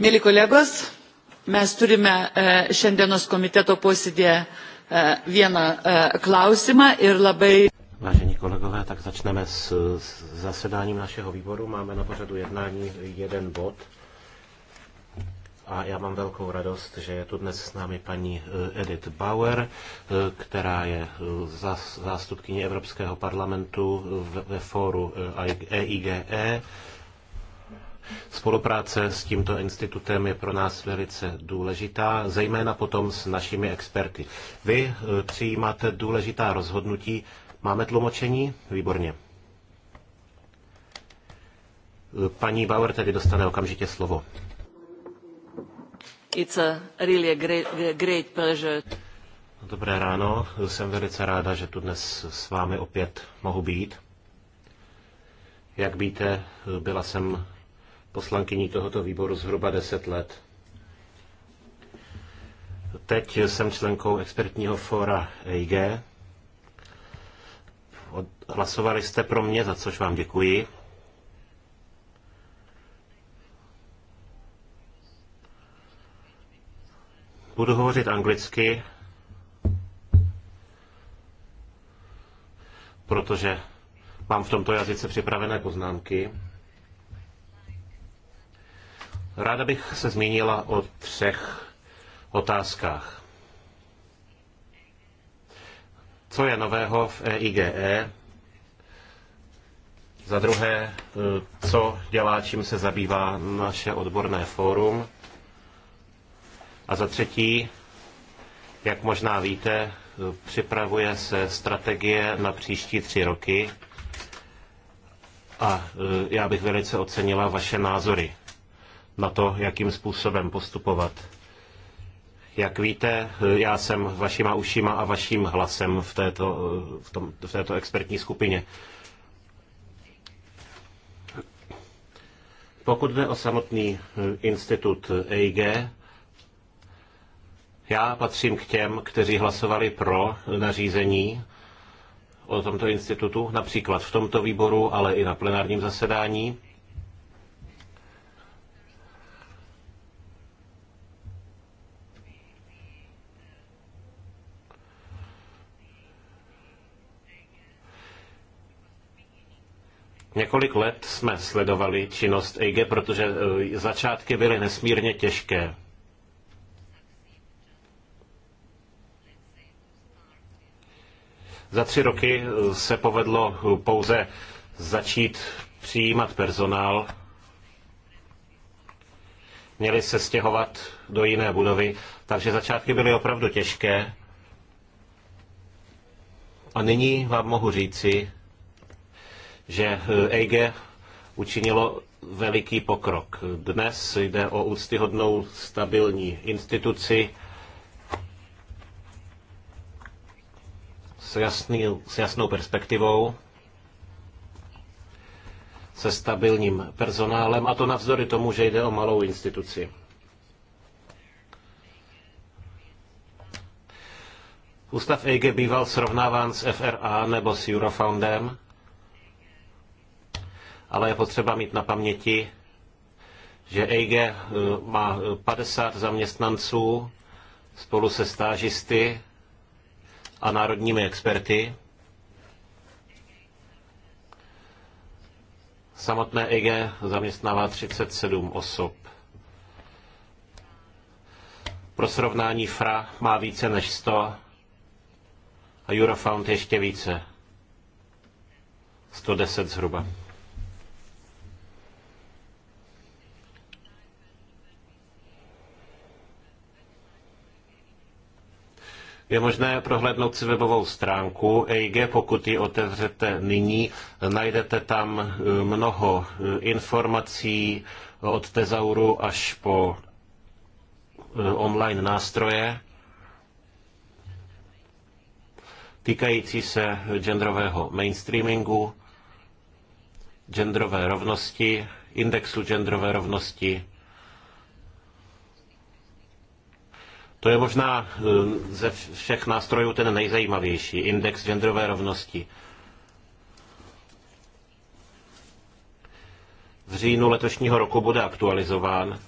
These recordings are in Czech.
Mėly kolegos, mes turime e, šiandienos komiteto posėdėje e, vieną e, klausimą ir labai. Vážení kolegové, tak začneme s, s zasedáním našeho výboru. Máme na pořadu jednání jeden bod. A já mám velkou radost, že je tu dnes s námi paní Edith Bauer, která je zástupkyní Evropského parlamentu ve fóru EIGE Spolupráce s tímto institutem je pro nás velice důležitá, zejména potom s našimi experty. Vy eh, přijímáte důležitá rozhodnutí. Máme tlumočení? Výborně. Eh, paní Bauer tedy dostane okamžitě slovo. It's a really a great, great pleasure. Dobré ráno, jsem velice ráda, že tu dnes s vámi opět mohu být. Jak víte, eh, byla jsem poslankyní tohoto výboru zhruba 10 let. Teď jsem členkou expertního fóra EIG. Hlasovali jste pro mě, za což vám děkuji. Budu hovořit anglicky, protože mám v tomto jazyce připravené poznámky. Ráda bych se zmínila o třech otázkách. Co je nového v EIGE? E? Za druhé, e, co dělá, čím se zabývá naše odborné fórum? A za třetí, jak možná víte, připravuje se strategie na příští tři roky a e, já bych velice ocenila vaše názory na to, jakým způsobem postupovat. Jak víte, já jsem vašima ušima a vaším hlasem v této, v tom, v této expertní skupině. Pokud jde o samotný eh, institut EIG, já patřím k těm, kteří hlasovali pro nařízení o tomto institutu, například v tomto výboru, ale i na plenárním zasedání. Několik let jsme sledovali činnost EIG, protože e, začátky byly nesmírně těžké. Za tři roky e, se povedlo e, pouze začít přijímat personál. Měli se stěhovat do jiné budovy, takže začátky byly opravdu těžké. A nyní vám mohu říci, že EG eh, e učinilo veliký pokrok. Dnes jde o úctyhodnou stabilní instituci s, jasný, s jasnou perspektivou, se stabilním personálem, a to navzdory tomu, že jde o malou instituci. Ústav EG býval srovnáván s FRA nebo s Eurofoundem, ale je potřeba mít na paměti, že EIG eh, má 50 zaměstnanců spolu se stážisty a národními experty. Samotné EG zaměstnává 37 osob. Pro srovnání FRA má více než 100 a Eurofound ještě více. 110 zhruba. Je možné prohlédnout si webovou stránku EIG, pokud ji otevřete nyní, najdete tam eh, mnoho eh, informací od tezauru až po eh, online nástroje týkající se genderového mainstreamingu, genderové rovnosti, indexu genderové rovnosti, To je možná eh, ze všech nástrojů ten nejzajímavější, index genderové rovnosti. V říjnu letošního roku bude aktualizován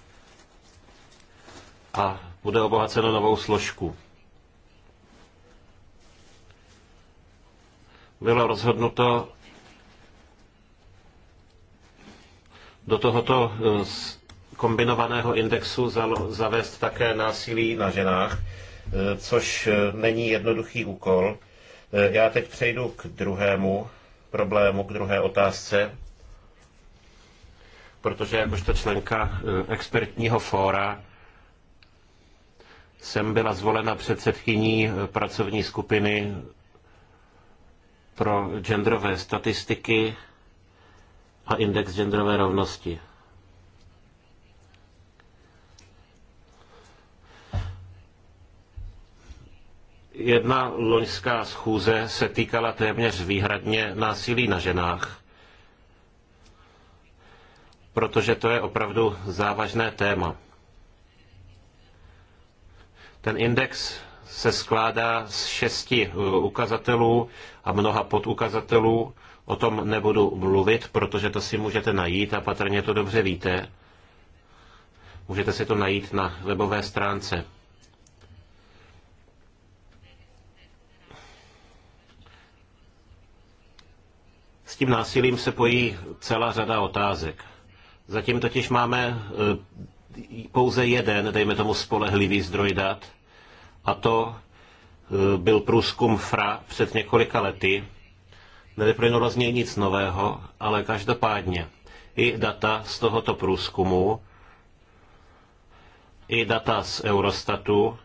a bude obohaceno novou složku. Bylo rozhodnuto do tohoto eh, kombinovaného indexu zavést také násilí na ženách, eh, což eh, není jednoduchý úkol. Eh, já teď přejdu k druhému problému, k druhé otázce, protože jakožto členka expertního fóra jsem byla zvolena předsedkyní pracovní skupiny pro genderové statistiky a index genderové rovnosti. Jedna loňská schůze se týkala téměř výhradně násilí na ženách, protože to je opravdu závažné téma. Ten index se skládá z šesti eh, ukazatelů a mnoha podukazatelů. O tom nebudu mluvit, protože to si můžete najít a patrně to dobře víte. Můžete si to najít na webové stránce. tím násilím se pojí celá řada otázek. Zatím totiž máme eh, pouze jeden, dejme tomu, spolehlivý zdroj dat, a to eh, byl průzkum FRA před několika lety. Nevyplynulo z něj nic nového, ale každopádně i data z tohoto průzkumu, i data z Eurostatu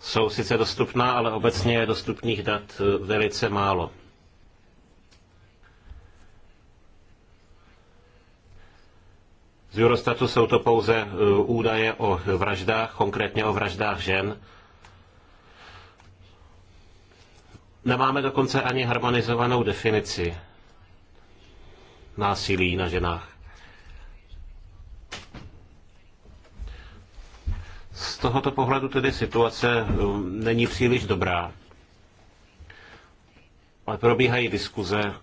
jsou sice dostupná, ale obecně je dostupných dat eh, velice málo. Z Eurostatu jsou to pouze eh, údaje o vraždách, konkrétně o vraždách žen. Nemáme dokonce ani harmonizovanou definici násilí na ženách. Z tohoto pohledu tedy situace um, není příliš dobrá. Ale probíhají diskuze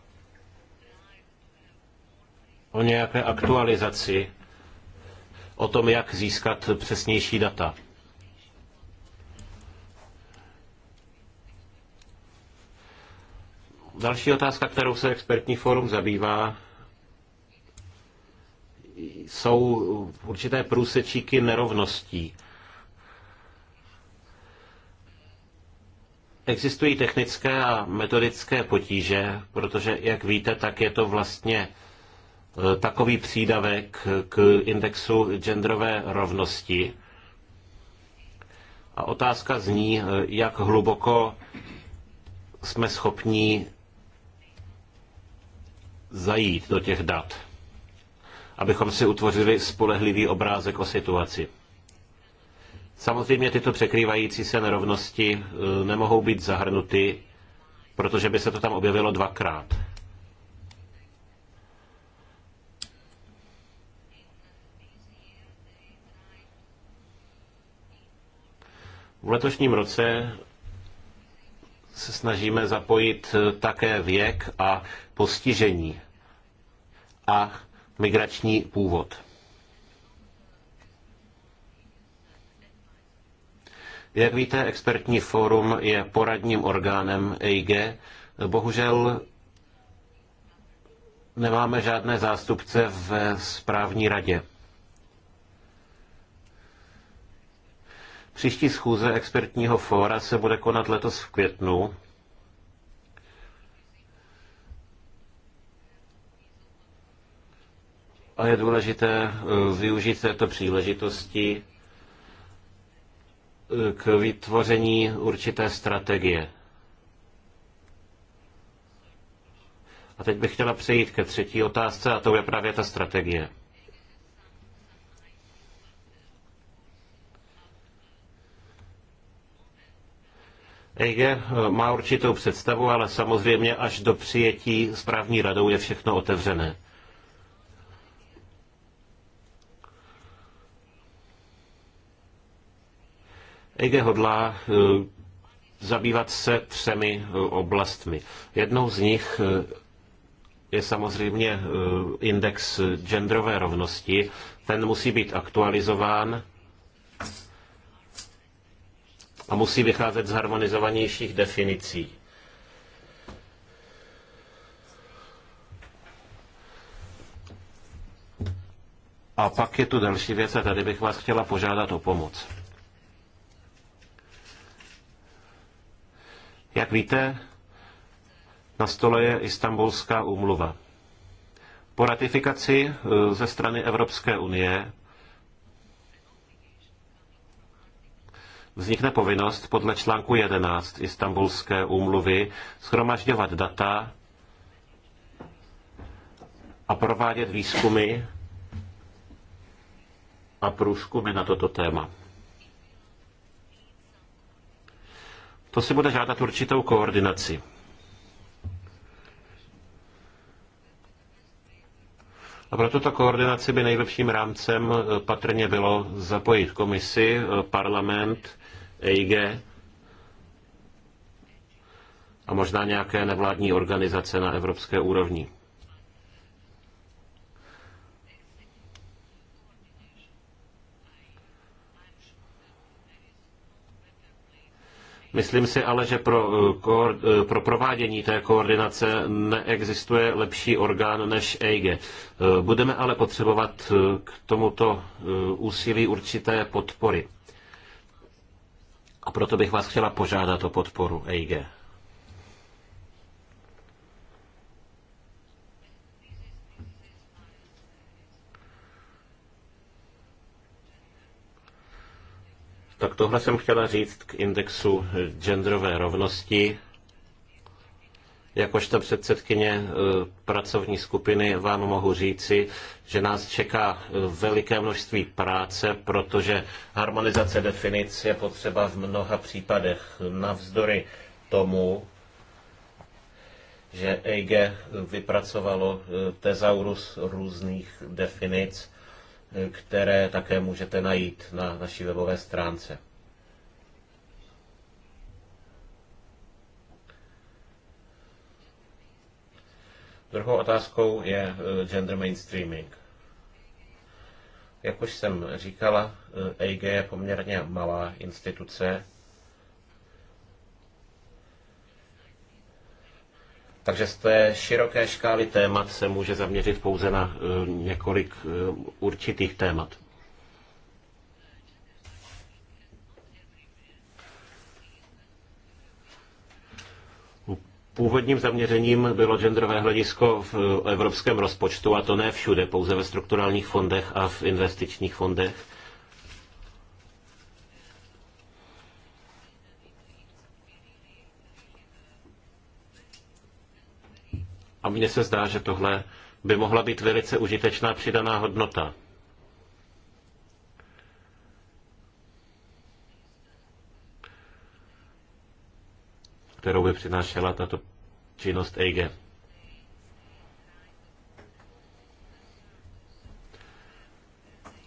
o nějaké aktualizaci, o tom, jak získat přesnější data. Další otázka, kterou se expertní fórum zabývá, jsou určité průsečíky nerovností Existují technické a metodické potíže, protože, jak víte, tak je to vlastně e, takový přídavek k indexu genderové rovnosti. A otázka zní, e, jak hluboko jsme schopni zajít do těch dat, abychom si utvořili spolehlivý obrázek o situaci. Samozřejmě tyto překrývající se nerovnosti e, nemohou být zahrnuty, protože by se to tam objevilo dvakrát. V letošním roce se snažíme zapojit e, také věk a postižení a migrační původ. Jak víte, expertní fórum je poradním orgánem EIG. Bohužel nemáme žádné zástupce v správní radě. Příští schůze expertního fóra se bude konat letos v květnu. A je důležité eh, využít této příležitosti k vytvoření určité strategie. A teď bych chtěla přejít ke třetí otázce, a to je právě ta strategie. EG eh, má určitou představu, ale samozřejmě až do přijetí správní radou je všechno otevřené. EG hodlá eh, zabývat se třemi eh, oblastmi. Jednou z nich eh, je samozřejmě index genderové rovnosti. Ten musí být aktualizován a musí vycházet z harmonizovanějších definicí. A pak je tu další věc a tady bych vás chtěla požádat o pomoc. Jak víte, na stole je Istanbulská úmluva. Po ratifikaci e, ze strany Evropské unie vznikne povinnost podle článku 11 Istanbulské úmluvy schromažďovat data a provádět výzkumy a průzkumy na toto téma. To si bude žádat určitou koordinaci. A pro tuto koordinaci by nejlepším rámcem eh, patrně bylo zapojit komisi, eh, parlament, EIG a možná nějaké nevládní organizace na evropské úrovni. Myslím si ale, že pro, eh, eh, pro provádění té koordinace neexistuje lepší orgán než EIGE. Eh, budeme ale potřebovat k tomuto úsilí určité podpory. A proto bych vás chtěla požádat o podporu EIGE. Tak tohle jsem chtěla říct k indexu genderové rovnosti. Jakožto předsedkyně e, pracovní skupiny vám mohu říci, že nás čeká e, veliké množství práce, protože harmonizace definic je potřeba v mnoha případech navzdory tomu, že EIGE vypracovalo e, tezaurus různých definic Eh, které také můžete najít na naší webové stránce. Druhou otázkou je eh, gender mainstreaming. Jak už jsem říkala, EIG eh, je poměrně malá instituce, Takže z té široké škály témat se může zaměřit pouze na eh, několik eh, určitých témat. Původním zaměřením bylo genderové hledisko v eh, evropském rozpočtu, a to ne všude, pouze ve strukturálních fondech a v investičních fondech. A mně se zdá, že tohle by mohla být velice užitečná přidaná hodnota. kterou by přinášela tato činnost EIG.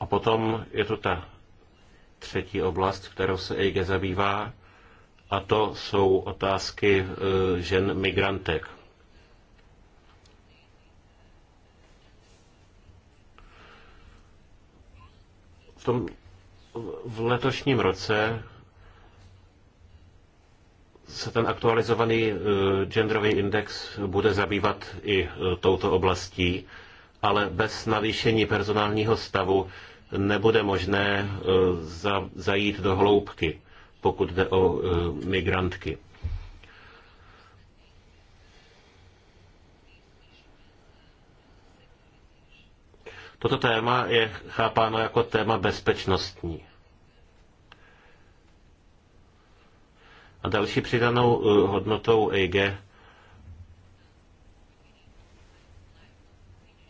A potom je to ta třetí oblast, kterou se EIG zabývá, a to jsou otázky eh, žen migrantek. V, tom, v letošním roce se ten aktualizovaný eh, genderový index bude zabývat i eh, touto oblastí, ale bez navýšení personálního stavu nebude možné eh, zajít do hloubky, pokud jde o migrantky. Toto téma je chápáno jako téma bezpečnostní. A další přidanou uh, hodnotou EG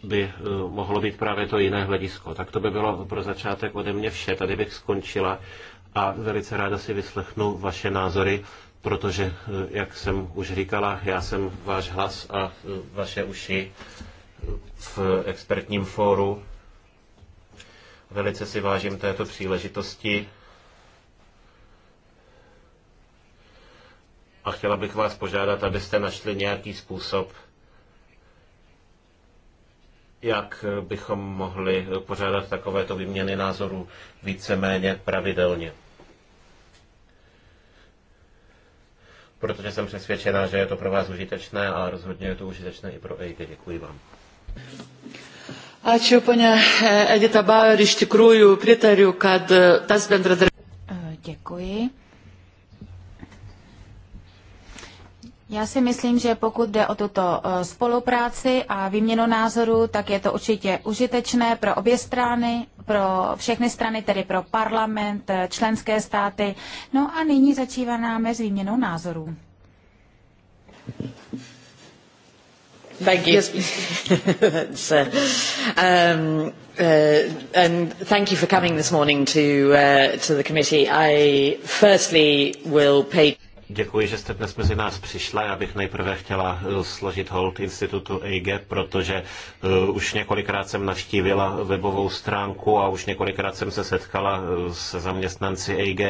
by uh, mohlo být právě to jiné hledisko. Tak to by bylo pro začátek ode mě vše. Tady bych skončila a velice ráda si vyslechnu vaše názory, protože, uh, jak jsem už říkala, já jsem váš hlas a vaše uši v expertním fóru. Velice si vážím této příležitosti. A chtěla bych vás požádat, abyste našli nějaký způsob, jak bychom mohli pořádat takovéto výměny názorů víceméně pravidelně. Protože jsem přesvědčena, že je to pro vás užitečné a rozhodně je to užitečné i pro EIT. Děkuji vám. Ačiū, ponia e, Edita Bauer, iš tikrųjų pritariu, kad e, tas bendradarbiavání. E, děkuji. Já si myslím, že pokud jde o tuto spolupráci a výměnu názoru, tak je to určitě užitečné pro obě strany, pro všechny strany, tedy pro parlament, členské státy. No a nyní začíváme s výměnou názorů. Thank you. Yes, please. um, uh, and thank you for coming this morning to, uh, to the committee. I firstly will pay... Děkuji, že jste dnes mezi nás přišla. Já bych nejprve chtěla uh, složit hold institutu EIG, protože uh, už několikrát jsem navštívila webovou stránku a už několikrát jsem se setkala uh, se zaměstnanci EIG.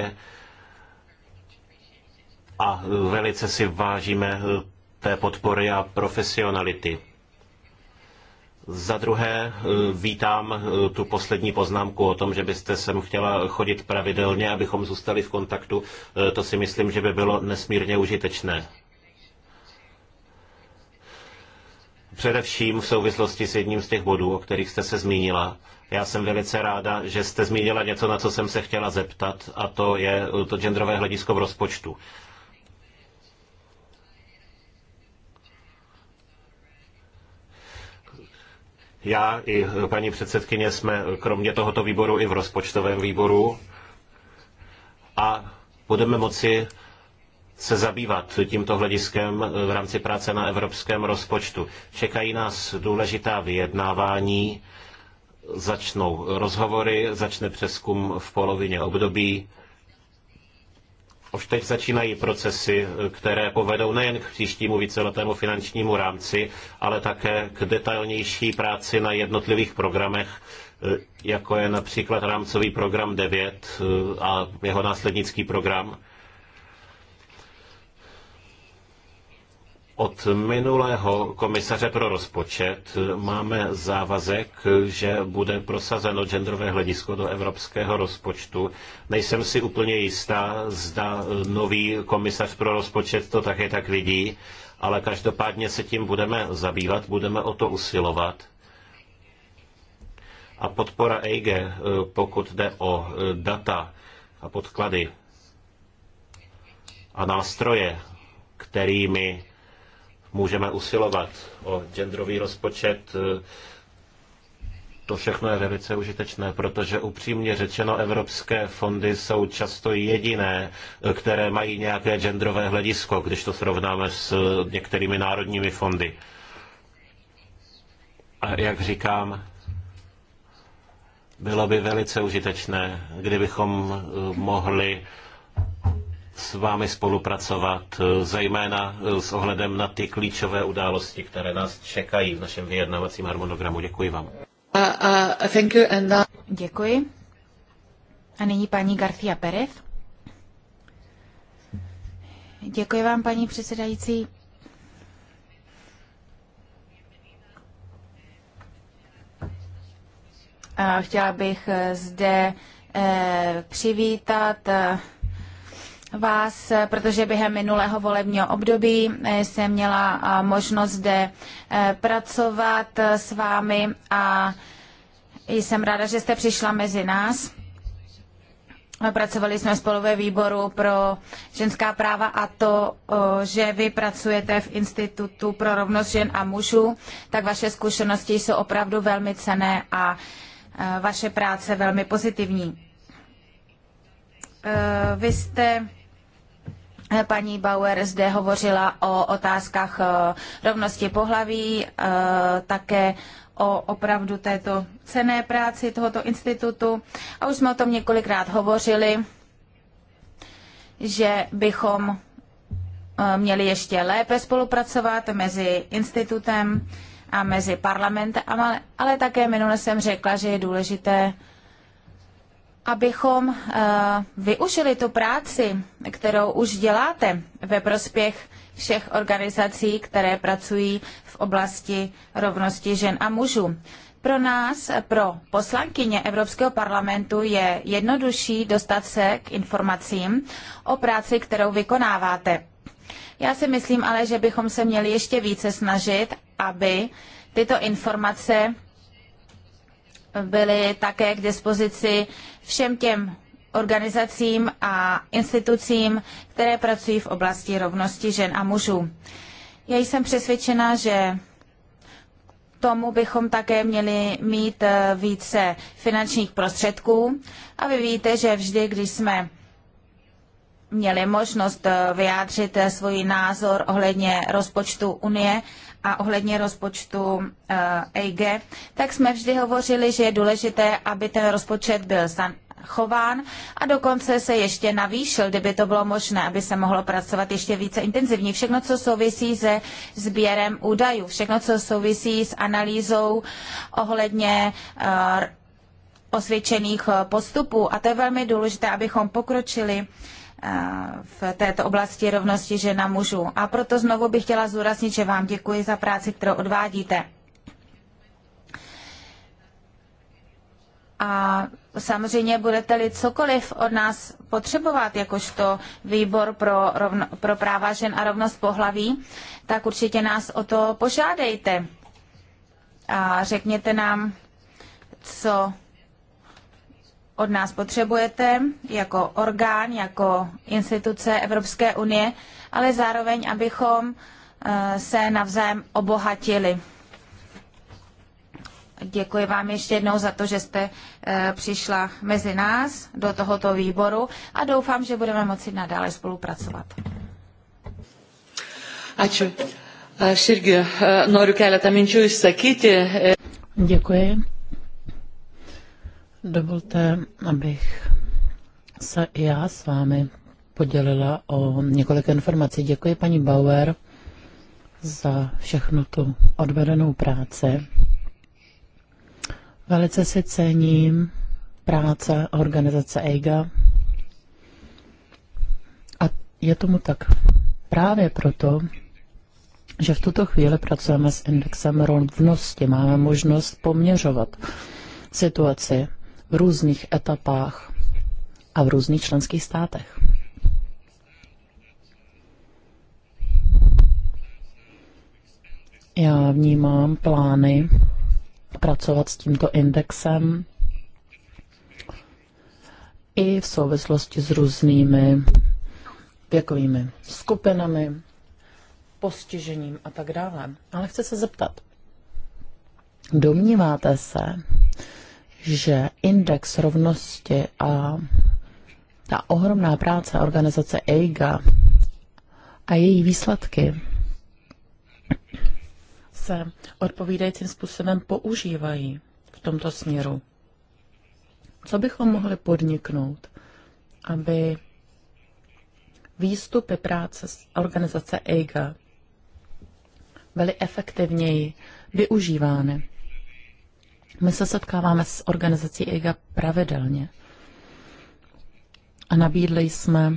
A uh, velice si vážíme té podpory a profesionality. Za druhé e, vítám e, tu poslední poznámku o tom, že byste sem chtěla chodit pravidelně, abychom zůstali v kontaktu. E, to si myslím, že by bylo nesmírně užitečné. Především v souvislosti s jedním z těch bodů, o kterých jste se zmínila. Já jsem velice ráda, že jste zmínila něco, na co jsem se chtěla zeptat, a to je to genderové hledisko v rozpočtu. Já i paní předsedkyně jsme kromě tohoto výboru i v rozpočtovém výboru a budeme moci se zabývat tímto hlediskem v rámci práce na evropském rozpočtu. Čekají nás důležitá vyjednávání, začnou rozhovory, začne přeskum v polovině období už teď začínají procesy, které povedou nejen k příštímu víceletému finančnímu rámci, ale také k detailnější práci na jednotlivých programech, jako je například rámcový program 9 e, a jeho následnický program. Od minulého komisaře pro rozpočet máme závazek, že bude prosazeno genderové hledisko do evropského rozpočtu. Nejsem si úplně jistá, zda nový komisař pro rozpočet to také tak vidí, ale každopádně se tím budeme zabývat, budeme o to usilovat. A podpora EIG, pokud jde o data a podklady a nástroje, kterými můžeme usilovat o genderový rozpočet. To všechno je velice užitečné, protože upřímně řečeno evropské fondy jsou často jediné, které mají nějaké genderové hledisko, když to srovnáme s některými národními fondy. A jak říkám, bylo by velice užitečné, kdybychom mohli s vámi spolupracovat, e, zejména e, s ohledem na ty klíčové události, které nás čekají v našem vyjednavacím harmonogramu. Děkuji vám. Uh, uh, thank you and, uh... Děkuji. A nyní paní García Perez. Děkuji vám, paní předsedající. Chtěla bych e, zde přivítat vás, protože během minulého volebního období eh, jsem měla eh, možnost zde eh, pracovat s vámi a jsem ráda, že jste přišla mezi nás. Pracovali jsme spolu ve výboru pro ženská práva a to, že vy pracujete v Institutu pro rovnost žen a mužů, tak vaše zkušenosti jsou opravdu velmi cené a vaše práce velmi pozitivní. Vy jste Paní Bauer zde hovořila o otázkách eh, rovnosti pohlaví, eh, také o opravdu této cené práci tohoto institutu. A už jsme o tom několikrát hovořili, že bychom eh, měli ještě lépe spolupracovat mezi institutem a mezi parlamentem, ale, ale také minule jsem řekla, že je důležité abychom eh, využili tu práci, kterou už děláte ve prospěch všech organizací, které pracují v oblasti rovnosti žen a mužů. Pro nás, pro poslankyně Evropského parlamentu, je jednodušší dostat se k informacím o práci, kterou vykonáváte. Já si myslím ale, že bychom se měli ještě více snažit, aby tyto informace byly také k dispozici všem těm organizacím a institucím, které pracují v oblasti rovnosti žen a mužů. Já jsem přesvědčena, že tomu bychom také měli mít eh, více finančních prostředků. A vy víte, že vždy, když jsme měli možnost eh, vyjádřit eh, svůj názor ohledně rozpočtu Unie a ohledně rozpočtu EIG, eh, tak jsme vždy hovořili, že je důležité, aby ten rozpočet byl chován a dokonce se ještě navýšil, kdyby to bylo možné, aby se mohlo pracovat ještě více intenzivně. Všechno, co souvisí se sběrem údajů, všechno, co souvisí s analýzou ohledně osvědčených postupů. A to je velmi důležité, abychom pokročili v této oblasti rovnosti žena mužů. A proto znovu bych chtěla zúraznit, že vám děkuji za práci, kterou odvádíte. A samozřejmě budete-li cokoliv od nás potřebovat, jakožto výbor pro, rovno, pro práva žen a rovnost pohlaví, tak určitě nás o to požádejte. A řekněte nám, co od nás potřebujete jako orgán, jako instituce Evropské unie, ale zároveň, abychom eh, se navzájem obohatili. Děkuji vám ještě jednou za to, že jste eh, přišla mezi nás do tohoto výboru a doufám, že budeme moci nadále spolupracovat. Ačiū. Aš irgi eh, noriu keletą minčių išsakyti. Děkuji. Dovolte, abych se i já s vámi podělila o několik informací. Děkuji paní Bauer za všechnu tu odvedenou práci. Velice si cením práce organizace EIGA. A je tomu tak právě proto, že v tuto chvíli pracujeme s indexem rovnosti. Máme možnost poměřovat situaci v různých etapách a v různých členských státech. Já vnímám plány pracovat s tímto indexem i v souvislosti s různými věkovými skupinami, postižením a tak dále. Ale chci se zeptat, domníváte se, že index rovnosti a ta ohromná práce organizace EIGA a její výsledky se odpovídajícím způsobem používají v tomto směru. Co bychom mohli podniknout, aby výstupy práce z organizace EIGA byly efektivněji využívány? My se setkáváme s organizací EGA pravidelně a nabídli jsme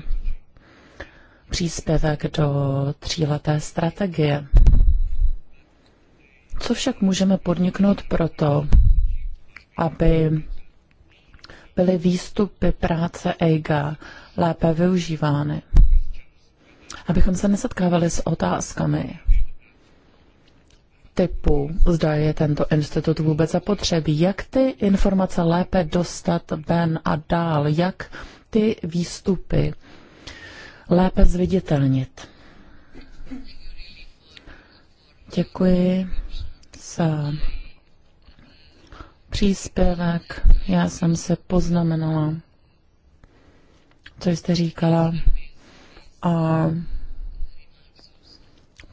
příspěvek do tříleté strategie. Co však můžeme podniknout proto, aby byly výstupy práce EIGA lépe využívány? Abychom se nesetkávali s otázkami, typu, zda je tento institut vůbec zapotřebí, jak ty informace lépe dostat ven a dál, jak ty výstupy lépe zviditelnit. Děkuji za příspěvek. Já jsem se poznamenala, co jste říkala. A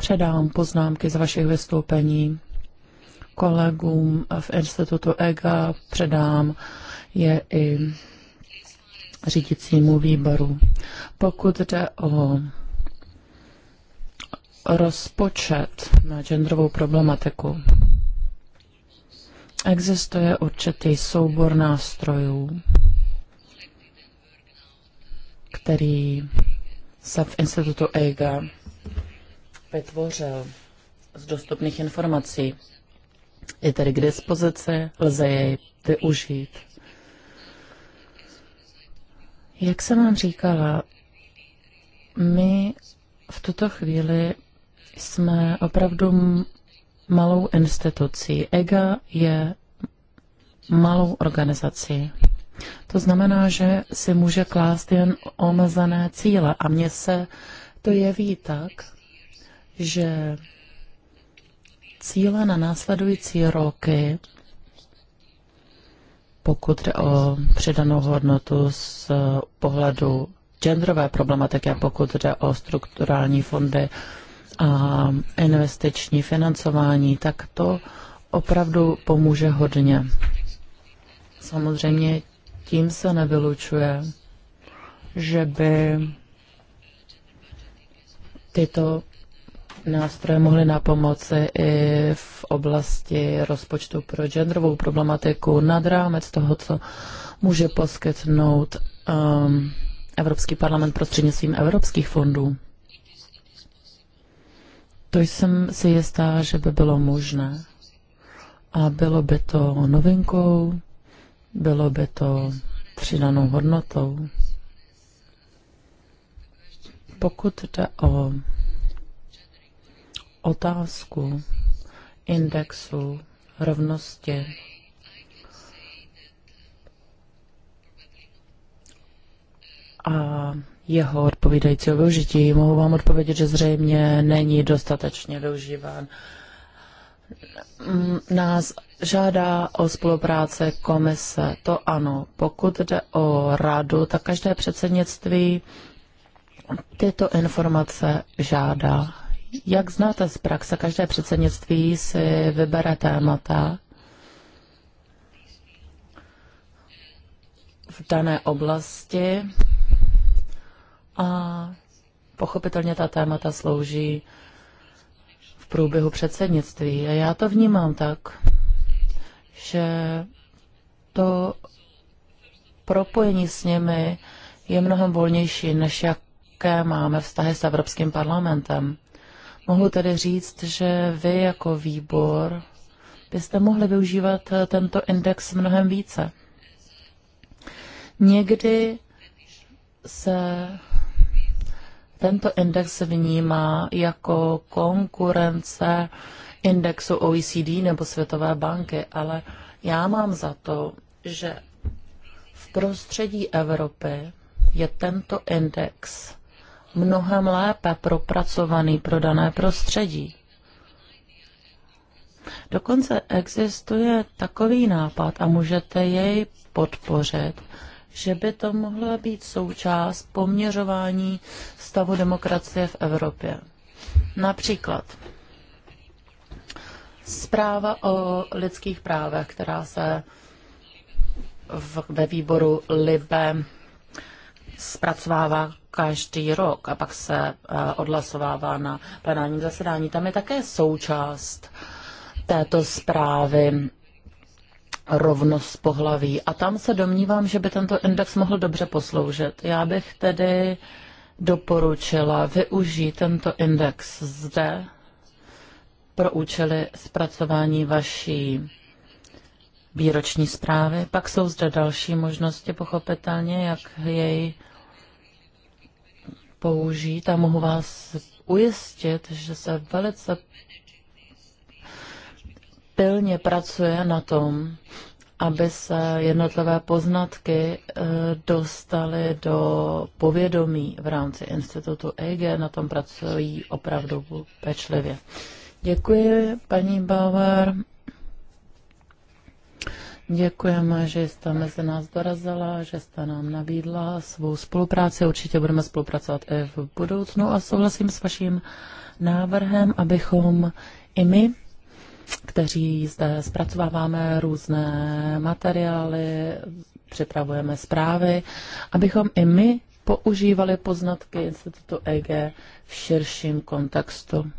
Předám poznámky z vašich vystoupení kolegům v institutu EGA, předám je i řídicímu výboru. Pokud jde o rozpočet na genderovou problematiku, existuje určitý soubor nástrojů, který se v institutu EGA vytvořil z dostupných informací. Je tedy k dispozici, lze jej využít. Jak jsem vám říkala, my v tuto chvíli jsme opravdu malou institucí. EGA je malou organizací. To znamená, že si může klást jen omezené cíle a mně se to jeví tak, že cíle na následující roky, pokud jde o přidanou hodnotu z pohledu genderové problematiky a pokud jde o strukturální fondy a investiční financování, tak to opravdu pomůže hodně. Samozřejmě tím se nevylučuje, že by tyto nástroje mohly na pomoci i v oblasti rozpočtu pro genderovou problematiku nad rámec toho, co může poskytnout um, Evropský parlament prostřednictvím evropských fondů. To jsem si jistá, že by bylo možné. A bylo by to novinkou, bylo by to přidanou hodnotou. Pokud jde o otázku indexu rovnosti. A jeho odpovídajícího využití. Mohu vám odpovědět, že zřejmě není dostatečně využíván. Nás žádá o spolupráce komise, to ano. Pokud jde o radu, tak každé předsednictví tyto informace žádá jak znáte z praxe, každé předsednictví si vybere témata v dané oblasti a pochopitelně ta témata slouží v průběhu předsednictví. A já to vnímám tak, že to propojení s nimi je mnohem volnější, než jaké máme vztahy s Evropským parlamentem. Mohu tedy říct, že vy jako výbor byste mohli využívat eh, tento index mnohem více. Někdy se tento index vnímá jako konkurence indexu OECD nebo Světové banky, ale já mám za to, že v prostředí Evropy je tento index mnohem lépe propracovaný pro dané prostředí. Dokonce existuje takový nápad a můžete jej podpořit, že by to mohla být součást poměřování stavu demokracie v Evropě. Například zpráva o lidských právech, která se v, ve výboru LIBE zpracovává každý rok a pak se eh, odhlasovává na plenárním zasedání. Tam je také součást této zprávy rovnost pohlaví. A tam se domnívám, že by tento index mohl dobře posloužit. Já bych tedy doporučila využít tento index zde pro účely zpracování vaší výroční zprávy. Pak jsou zde další možnosti, pochopitelně, jak jej použít a mohu vás ujistit, že se velice pilně pracuje na tom, aby se jednotlivé poznatky eh, dostaly do povědomí v rámci institutu EG. Na tom pracují opravdu pečlivě. Děkuji, paní Bauer. Děkujeme, že jste mezi nás dorazila, že jste nám nabídla svou spolupráci. Určitě budeme spolupracovat i v budoucnu a souhlasím s vaším návrhem, abychom i my, kteří zde zpracováváme různé materiály, připravujeme zprávy, abychom i my používali poznatky Institutu EG v širším kontextu.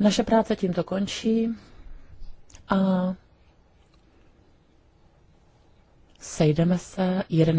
Naše práce tímto končí a Sejdeme se 11.